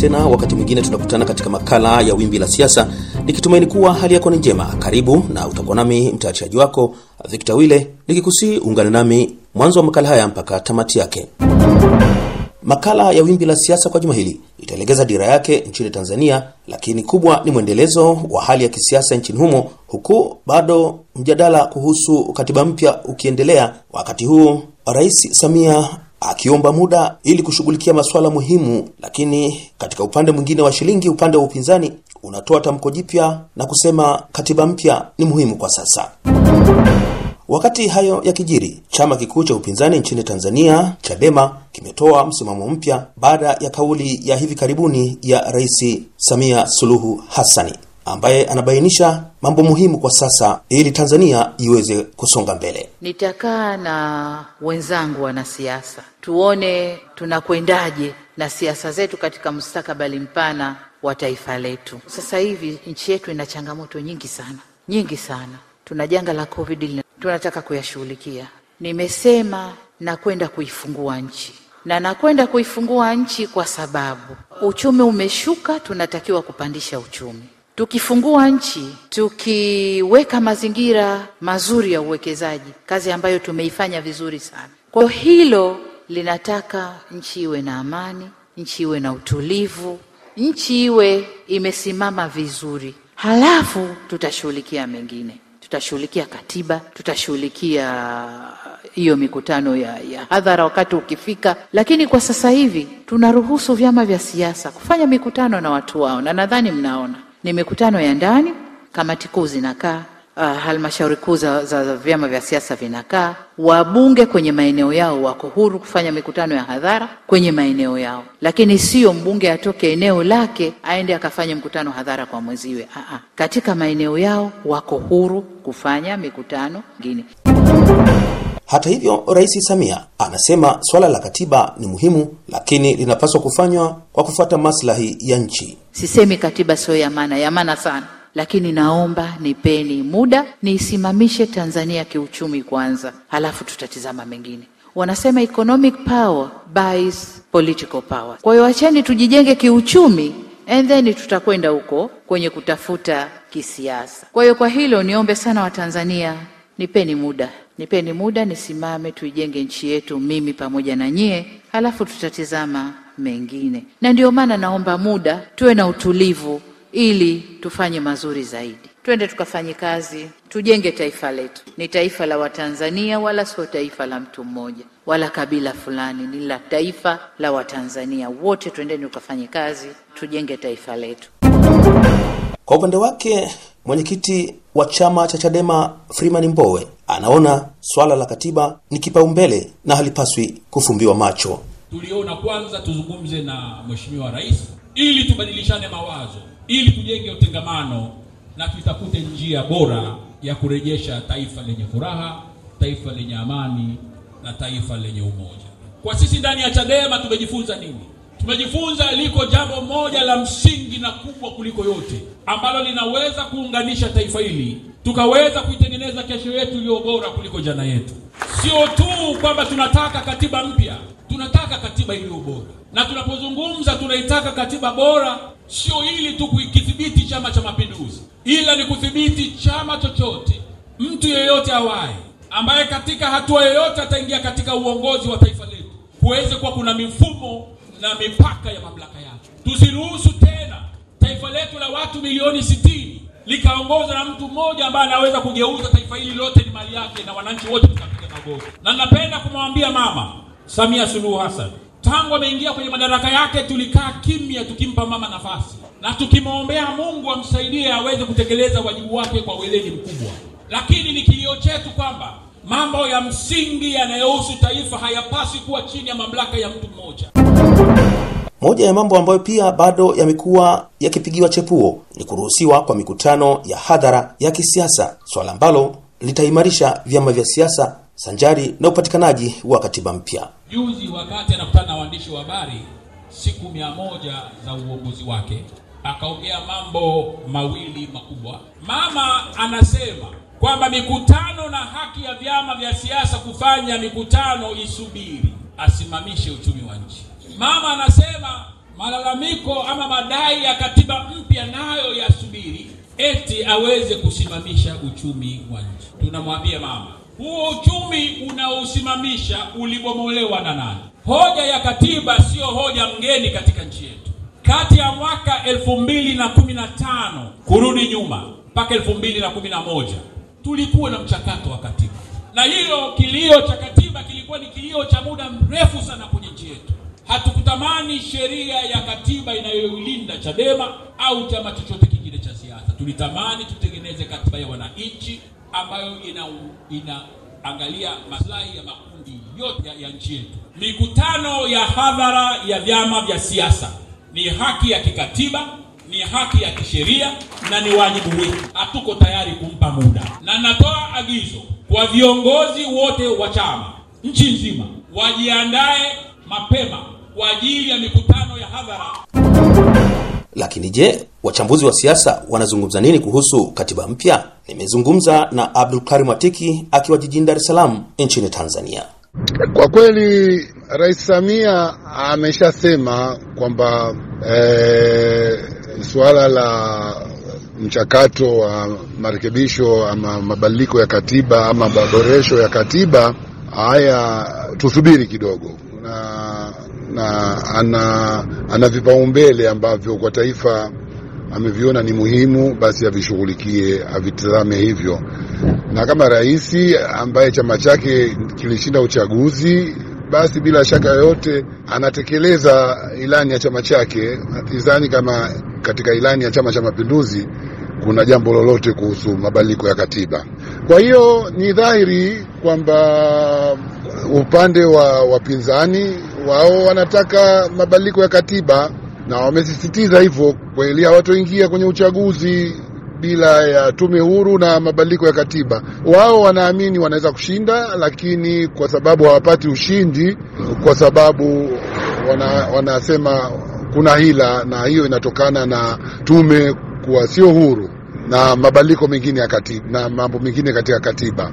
tena wakati mwingine tunakutana katika makala ya Wimbi la Siasa, nikitumaini kuwa hali yako ni njema. Karibu na utakuwa nami mtayarishaji wako vikta Wile nikikusii uungane nami mwanzo wa makala haya mpaka tamati yake. Makala ya Wimbi la Siasa kwa juma hili itaelekeza dira yake nchini Tanzania, lakini kubwa ni mwendelezo wa hali ya kisiasa nchini humo, huku bado mjadala kuhusu katiba mpya ukiendelea, wakati huu Rais Samia akiomba muda ili kushughulikia masuala muhimu, lakini katika upande mwingine wa shilingi, upande wa upinzani unatoa tamko jipya na kusema katiba mpya ni muhimu kwa sasa. Wakati hayo ya kijiri chama kikuu cha upinzani nchini Tanzania Chadema kimetoa msimamo mpya baada ya kauli ya hivi karibuni ya Rais Samia Suluhu Hassani ambaye anabainisha mambo muhimu kwa sasa ili Tanzania iweze kusonga mbele. Nitakaa na wenzangu wanasiasa tuone tunakwendaje na siasa zetu katika mustakabali mpana wa taifa letu. Sasa hivi nchi yetu ina changamoto nyingi sana, nyingi sana. Tuna janga la COVID tunataka kuyashughulikia. Nimesema nakwenda kuifungua nchi na nakwenda kuifungua nchi kwa sababu uchumi umeshuka, tunatakiwa kupandisha uchumi. Tukifungua nchi, tukiweka mazingira mazuri ya uwekezaji, kazi ambayo tumeifanya vizuri sana. Kwa hiyo hilo linataka nchi iwe na amani, nchi iwe na utulivu, nchi iwe imesimama vizuri, halafu tutashughulikia mengine tutashughulikia katiba, tutashughulikia uh, hiyo mikutano ya, ya hadhara wakati ukifika. Lakini kwa sasa hivi tunaruhusu vyama vya siasa kufanya mikutano na watu wao, na nadhani mnaona ni mikutano ya ndani, kamati kuu zinakaa Uh, halmashauri kuu za, za, za vyama vya siasa vinakaa, wabunge kwenye maeneo yao wako huru kufanya mikutano ya hadhara kwenye maeneo yao, lakini sio mbunge atoke eneo lake aende akafanye mkutano hadhara kwa mweziwe. Aa, ah, ah. katika maeneo yao wako huru kufanya mikutano mingine hata hivyo, Rais Samia anasema swala la katiba ni muhimu, lakini linapaswa kufanywa kwa kufuata maslahi ya nchi. Sisemi katiba siyo ya maana, ya maana sana lakini naomba nipeni muda niisimamishe Tanzania kiuchumi kwanza, halafu tutatizama mengine. Wanasema economic power buys political power. Kwa hiyo acheni tujijenge kiuchumi and then tutakwenda huko kwenye kutafuta kisiasa. Kwa hiyo kwa hilo niombe sana Watanzania, nipeni muda nipeni muda nisimame, tuijenge nchi yetu, mimi pamoja na nyie, halafu tutatizama mengine. Na ndio maana naomba muda, tuwe na utulivu ili tufanye mazuri zaidi. Twende tukafanye kazi, tujenge taifa letu. Ni taifa la Watanzania, wala sio taifa la mtu mmoja wala kabila fulani, ni la taifa la Watanzania wote. Twendeni tukafanye kazi, tujenge taifa letu. Kwa upande wake mwenyekiti wa chama cha Chadema Freeman Mbowe anaona swala la katiba ni kipaumbele na halipaswi kufumbiwa macho. Tuliona kwanza tuzungumze na mheshimiwa rais ili tubadilishane mawazo, ili tujenge utengamano na tutafute njia bora ya kurejesha taifa lenye furaha, taifa lenye amani na taifa lenye umoja. Kwa sisi ndani ya Chadema tumejifunza nini? Tumejifunza liko jambo moja la msingi na kubwa kuliko yote ambalo linaweza kuunganisha taifa hili tukaweza kuitengeneza kesho yetu iliyo bora kuliko jana yetu. Sio tu kwamba tunataka katiba mpya, tunataka katiba iliyo bora, na tunapozungumza tunaitaka katiba bora, sio ili tu kukidhibiti Chama cha Mapinduzi, ila ni kudhibiti chama chochote, mtu yeyote awaye ambaye katika hatua yoyote ataingia katika uongozi wa taifa letu, kuweze kuwa kuna mifumo na mipaka ya mamlaka yake. Tusiruhusu tena taifa letu la watu milioni sitini likaongozwa na mtu mmoja ambaye anaweza kugeuza taifa hili lote ni mali yake na wananchi wote tukapiga magoti. Na napenda kumwambia Mama Samia Suluhu Hassan, tangu ameingia kwenye madaraka yake tulikaa kimya tukimpa mama nafasi na tukimwombea Mungu amsaidie aweze kutekeleza wajibu wake kwa weledi mkubwa, lakini ni kilio chetu kwamba mambo ya msingi yanayohusu taifa hayapaswi kuwa chini ya mamlaka ya mtu mmoja. Moja ya mambo ambayo pia bado yamekuwa yakipigiwa chepuo ni kuruhusiwa kwa mikutano ya hadhara ya kisiasa, swala ambalo litaimarisha vyama vya siasa sanjari na upatikanaji wa katiba mpya. Juzi wakati anakutana na waandishi wa habari siku mia moja za uongozi wake, akaongea mambo mawili makubwa. Mama anasema kwamba mikutano na haki ya vyama vya siasa kufanya mikutano isubiri, asimamishe uchumi wa nchi. Mama anasema malalamiko ama madai ya katiba mpya nayo yasubiri eti aweze kusimamisha uchumi wa nchi. Tunamwambia mama, huo uchumi unaosimamisha ulibomolewa na nani? Hoja ya katiba siyo hoja mgeni katika nchi yetu. Kati ya mwaka elfu mbili na kumi na tano kurudi nyuma mpaka elfu mbili na kumi na moja tulikuwa na mchakato wa katiba, na hilo kilio cha katiba kilikuwa ni kilio cha muda mrefu sana kwenye nchi yetu Hatukutamani sheria ya katiba inayolinda Chadema au chama chochote kingine cha siasa. Tulitamani tutengeneze katiba ya wananchi ambayo ina inaangalia maslahi ya makundi yote ya, ya nchi yetu. Mikutano ya hadhara ya vyama vya siasa ni haki ya kikatiba, ni haki ya kisheria na ni wajibu wetu. Hatuko tayari kumpa muda, na natoa agizo kwa viongozi wote wa chama nchi nzima wajiandae mapema kwa ajili ya mikutano ya hadhara. Lakini je, wachambuzi wa siasa wanazungumza nini kuhusu katiba mpya? Nimezungumza na Abdul Karim Atiki akiwa jijini Dar es Salaam nchini Tanzania. Kwa kweli Rais Samia ameshasema kwamba e, suala la mchakato wa marekebisho ama mabadiliko ya katiba ama maboresho ya katiba haya tusubiri kidogo na ana, ana vipaumbele ambavyo kwa taifa ameviona ni muhimu, basi avishughulikie, avitazame hivyo. Na kama rais ambaye chama chake kilishinda uchaguzi, basi bila shaka yoyote anatekeleza ilani ya chama chake. Sidhani kama katika ilani ya Chama cha Mapinduzi kuna jambo lolote kuhusu mabadiliko ya katiba. Kwa hiyo ni dhahiri kwamba upande wa wapinzani wao wanataka mabadiliko ya katiba na wamesisitiza hivyo kweli, hawatoingia kwenye uchaguzi bila ya tume huru na mabadiliko ya katiba. Wao wanaamini wanaweza kushinda, lakini kwa sababu hawapati ushindi, kwa sababu wanasema kuna hila, na hiyo inatokana na tume kuwa sio huru na mabadiliko mengine ya katiba na mambo mengine katika katiba.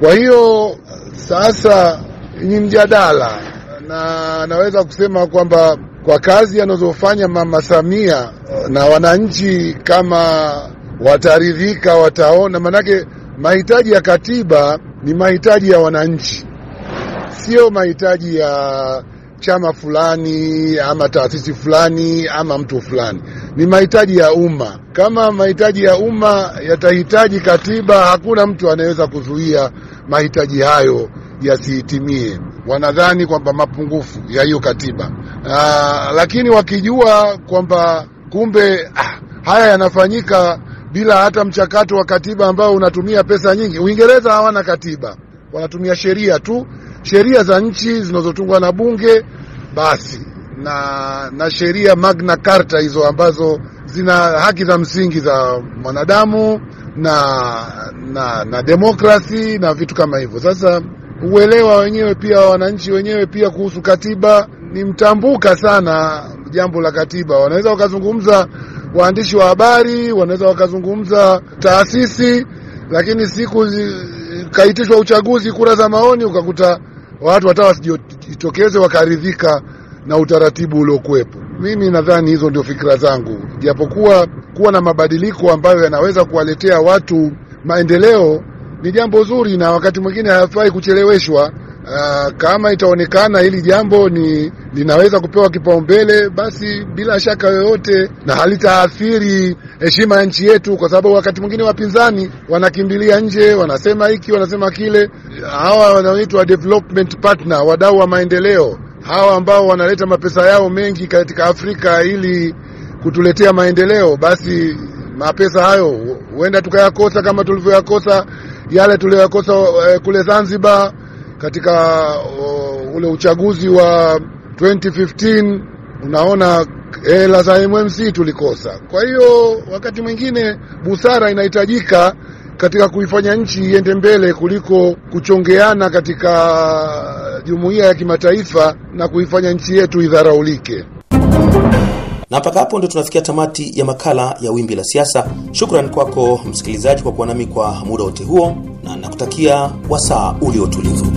Kwa hiyo sasa ni mjadala na naweza kusema kwamba kwa kazi anazofanya Mama Samia eh, na wananchi kama wataridhika, wataona, manake mahitaji ya katiba ni mahitaji ya wananchi, sio mahitaji ya chama fulani ama taasisi fulani ama mtu fulani, ni mahitaji ya umma. Kama mahitaji ya umma yatahitaji katiba, hakuna mtu anayeweza kuzuia mahitaji hayo yasiitimie. Wanadhani kwamba mapungufu ya hiyo katiba aa, ah, lakini wakijua kwamba kumbe ah, haya yanafanyika bila hata mchakato wa katiba ambao unatumia pesa nyingi. Uingereza hawana katiba, wanatumia sheria tu, sheria za nchi zinazotungwa na bunge basi na, na sheria Magna Carta hizo ambazo zina haki za msingi za mwanadamu na, na, na demokrasi na vitu kama hivyo sasa uelewa wenyewe pia wananchi wenyewe pia kuhusu katiba ni mtambuka sana. Jambo la katiba wanaweza wakazungumza waandishi wa habari, wanaweza wakazungumza taasisi, lakini siku kaitishwa uchaguzi, kura za maoni, ukakuta watu hata wasijitokeze wakaridhika na utaratibu uliokuwepo. Mimi nadhani hizo ndio fikira zangu, japokuwa kuwa na mabadiliko ambayo yanaweza kuwaletea watu maendeleo ni jambo zuri na wakati mwingine hayafai kucheleweshwa. Uh, kama itaonekana hili jambo ni linaweza kupewa kipaumbele, basi bila shaka yoyote na halitaathiri heshima ya nchi yetu, kwa sababu wakati mwingine wapinzani wanakimbilia nje, wanasema hiki, wanasema kile. Hawa wanaoitwa development partner, wadau wa maendeleo, hawa ambao wanaleta mapesa yao mengi katika Afrika ili kutuletea maendeleo, basi mapesa hayo huenda tukayakosa kama tulivyoyakosa yale tuliyokosa eh, kule Zanzibar katika uh, ule uchaguzi wa 2015 unaona hela za MMC tulikosa. Kwa hiyo wakati mwingine busara inahitajika katika kuifanya nchi iende mbele kuliko kuchongeana katika jumuiya ya kimataifa na kuifanya nchi yetu idharaulike. Na mpaka hapo ndio tunafikia tamati ya makala ya Wimbi la Siasa. Shukrani kwako msikilizaji kwa kuwa nami kwa muda wote huo, na nakutakia wasaa uliotulivu.